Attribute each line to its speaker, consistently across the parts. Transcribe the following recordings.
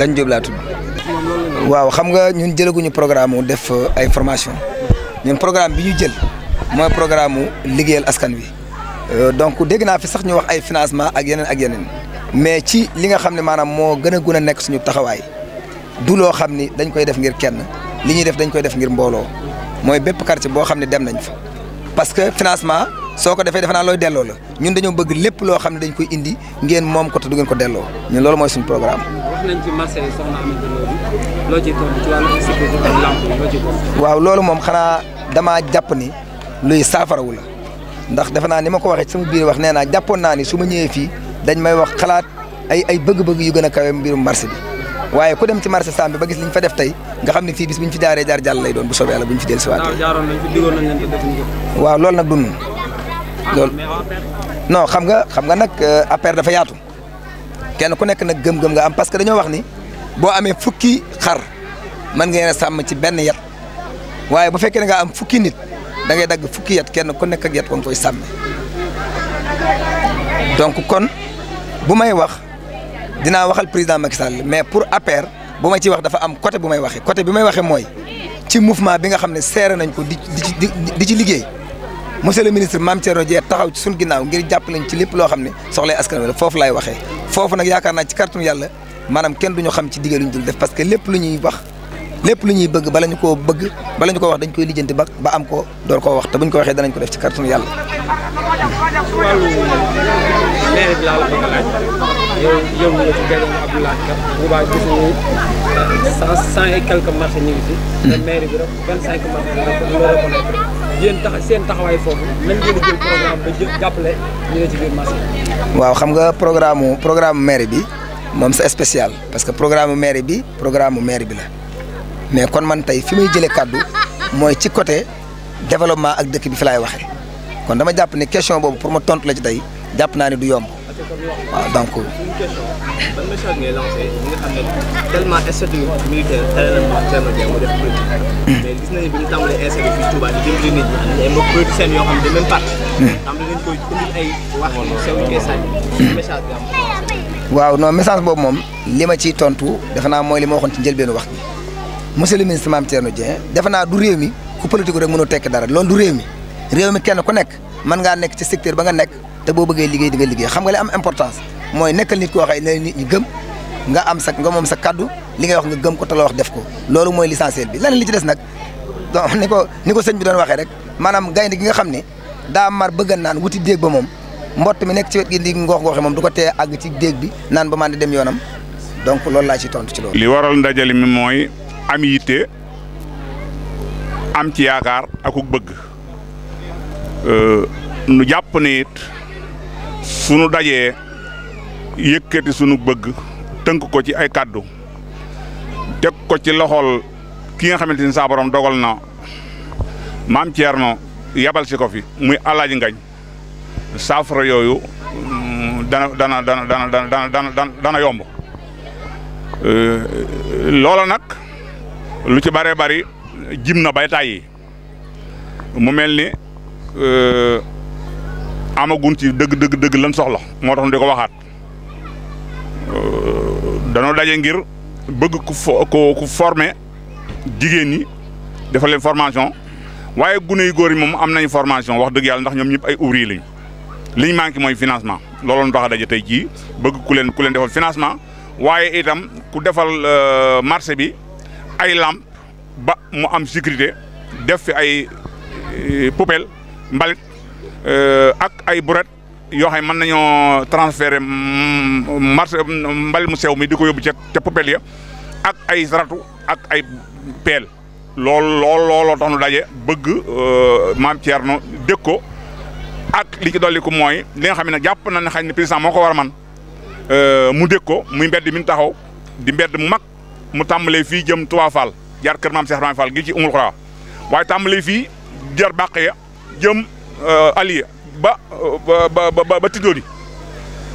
Speaker 1: Gagne Diop laa tudd. waaw xam nga ñun jëlaguñu programme wu def euh, ay formation ñun programme bi ñu jël mooy programme wu liggéeyal askan wi euh, donc dégg naa fi sax ñu wax ay financement ak yeneen ak yeneen mais ci li nga xam ne maanaam moo gën a gën a nekk suñu taxawaay du loo xam ni dañ koy def ngir kenn li ñuy def dañ koy def ngir mbooloo mooy bépp quartier boo xam ne dem nañ fa parce financement. soko defé defana loy delo la ñun dañu bëgg lepp lo xamni dañ koy indi ngeen mom ko tuddu ngeen ko delo ñun loolu moy suñu programme
Speaker 2: wax nañ ci marché soxna loolu lo ci ton ci walu sécurité ak lampe lo ci ko
Speaker 1: waaw loolu mom xana dama japp ni luy safara wu la ndax defana nima ko waxe sama biir wax neena jappon na ni suma ñëwé fi dañ may wax xalaat ay ay bëgg bëgg yu gëna kawé mbirum marché bi waye ku dem ci marché sambe ba gis liñ fa def tay nga xamni fi bis buñ fi jaaree jaar jall lay doon bu soobee yàlla buñ fi del si waatee waaw loolu nak du non xam nga xam nga nag euh, APR dafa yatou kenn ku nek nak gem gem nga am parce que dañu wax ni bo amé fukki xar man ngeen sam sàmm ci ben yat waye bu fekkee nga am fukki nit da ngay dag fukki yat kenn ku nek ak yat wanga koy sàmme donc kon bu may wax dina waxal président Macky Sall mais pour APR bu ma ci wax dafa am côté bu may waxee côté bi may waxee moy ci mouvement bi nga xamné séré nañ ko di di di ci liggéey monsieur le ministre Mame Thierno Dieng taxaw ci suñ ginnaaw ngir jàppaleñ ci lépp loo xam ne soxlay askan wi la foofu laay waxee foofu nag yaakaar naa ci kàttanu yàlla maanaam kenn duñu xam ci digée luñ dul def parce que lépp lu ñuy wax lépp lu ñuy bëgg bala ñu koo bëgg bala ñu koo wax dañ koy lijjanti ba ba am ko door koo wax te buñ ko waxee danañ ko def ci kàttanu yàlla maire bi laa la bëgg a laaj nga ci gànnaaw Abdoulaye Ka bu baax gis nañu cent et quelques marchés ñu ngi fi. Hmm. seen taxawaay foofu nan ngeen di jël programme ba ñu ne ci biir marché waaw xam nga programme mu programme maire bi moom c'est spécial parce que programme maire bi programme maire bi la mais kon man tey fi may jëlee kàddu mooy ci côté développement ak dëkk bi fi laay waxee kon dama jàpp ni question boobu pour ma tontu la ci tey. jàpp naa ne du yomb
Speaker 2: waaw donc. une question hmm.
Speaker 1: hmm. hmm. message boobu moom li ma ciy tontu defe naa mooy li ma waxoon ci njëlbeenu wax bi monsieur le ministre maam Thierno Dieng defe naa du réew mi ku politique rek mënoo tekk dara loolu du réew mi réew mi kenn ku nekk mën ngaa nekk ci secteur ba nga nekk. te bo beugé liggéey diga liggéey xam nga li am importance moy nekkal nit ko wax ay nit ñi gëm nga am sa nga mom sa cadeau li nga wax nga gëm ko tala wax def ko lolu moy l'essentiel bi lan li ci dess nak do ni ko ni ko sëñ bi doon waxe rek manam gaynde gi nga xam da mar bëgg naan wuti deg ba mom mbott mi nek ci wet gi ndig ngox ngooxe mom du ko tee àgg ci deg bi naan ba man dem yonam donc lolu la ci tontu ci lolu
Speaker 3: li waral ndajali mi moy am yité am ci yaakar akuk bëgg euh nu japp ne sunu dajee yëkkati sunu bëgg tënk ko ci ay kàddu teg ko ci loxol ki nga xamante ni saa borom dogal na maam Thierno yabal si ko fi muy alaaji ngañ saafara yooyu mm, dana dana dana dana dana dana yomb euh, loola nag lu ci bëree bari jim na bay yi mu mel ni. Euh, amagun ci dëgg dëgg dëgg lan soxla moo tax ñu di ko waxaat euh, danoo daje ngir bëgg ku ko ku former jigéen ñi defal leen formation waaye gune yu góor yi moom am nañu formation wax dëgg yàlla ndax ñoom ñëpp ay ouvrier lañ liñ manqué mooy financement looloo ñu tax a daje tey jii bëgg ku leen ku leen defal financement waaye itam ku defal euh, marché bi ay lampe ba mu am sécurité def fi ay euh, poubelle mbalit. Euh, ak ay buret yo xay man nañu transférer marché mbal mu sew mi diko ko ci ci popel ya ak ay zaratu ak ay pel lol lol lol tax nu daje bëgg euh, maam Thierno dégg ko ak li ci doli ko moy li nga xam japp na ni xagn président moko ko war a man euh, mu dégg muy mbedd min taxaw di mbedd mu mak mu tambalé fi jëm Touba Fall jar kër mam Cheikh rahman Fall gi ci umul khura way tambalé fi jar baqiya jëm. Euh, ali ba ba ba ba tidori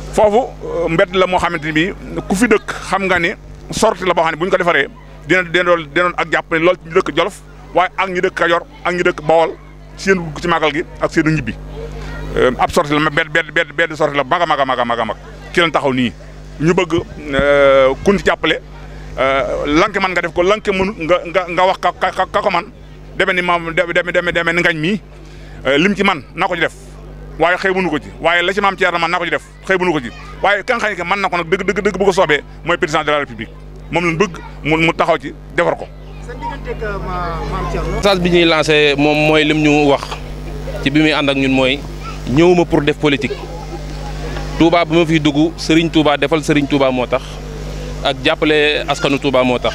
Speaker 3: fofu euh, mbedd la mo xamanteni bi ku fi dëkk xam nga ne sorti la bo xamne buñ ko défaré dina dina dina ak japp ne lool ci dëkk jolof waye ak ñi dëkk kayor ak ñi dëkk bawol seen ci magal gi ak seen ñibbi euh, ab sorti la bedd bedd bedd bedd sorti la maga maga maga maga mag ci lañ taxaw ni ñu bëgg kuñ ci jappalé lanke man nga def ko lanke mënu nga nga wax ka ka ko man demé ni mam demé demé demé ngañ mi Euh, lim ci man nako ci def waye xëy mënu ko ci waye la ci ci Thierno man nako ci def xëy mënu ko ci waye kan xani ke man nako nak deug deug deug bu ko sobe moy president de la republique mom lañ bëgg mu taxaw ci defar ko.
Speaker 2: Euh, sa bi ñuy lancé moom mooy lim ñu wax ci bi mi and ak ñun moy ñewuma pour def politique Touba bu ma fi duggu Serigne Touba defal Serigne Touba motax ak jàppale askanu Touba motax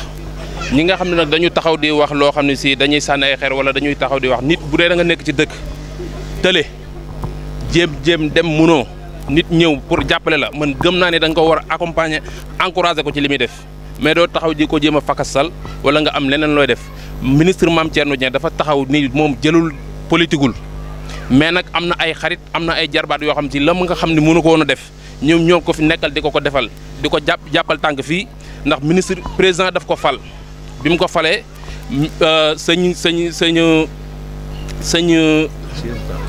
Speaker 2: ñi nga xamni nak nag dañu taxaw di wax lo xamni ne si dañuy sànni ay wala dañuy taxaw di wax nit bu dé da nga nek ci dëkk tële jéem jéem dem muno nit ñew pour jappalé la man gëm na né da nga ko war accompagner encourager ko ci limi def mais do taxaw ji ko jéem fakassal wala nga am lenen loy def ministre mam Thierno dia dafa taxaw ni mom jëlul politikul mais nak amna ay xarit amna ay jarbaat yo xam ci lam nga xam ni mënu ko wona def ñom ñoo ko fi nekkal diko ko defal diko japp jappal tank fi ndax ministre président daf ko fal bimu ko falé euh sëñ sëñ sëñ sëñ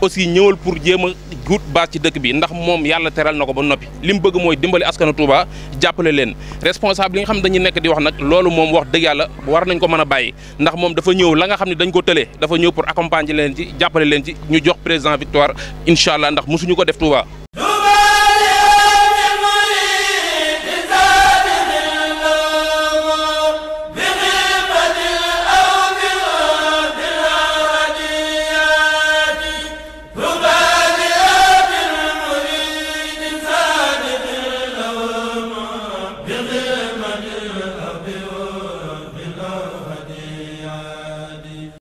Speaker 2: aussi ñëwal pour jéem a guut base ci dëkk bi ndax moom yàlla teral na ko ba noppi li mu bëgg mooy dimbali askanu Touba jàppale leen responsable yi nga xam ne dañuy nekk di wax nag loolu moom wax dëgg yàlla war nañ ko mën a bàyyi ndax moom dafa ñëw la nga xam ne dañ ko tëlee dafa ñëw pour accompagner leen ci jàppale leen ci ñu jox président Victoire incha allah ndax mosuñu ko def Touba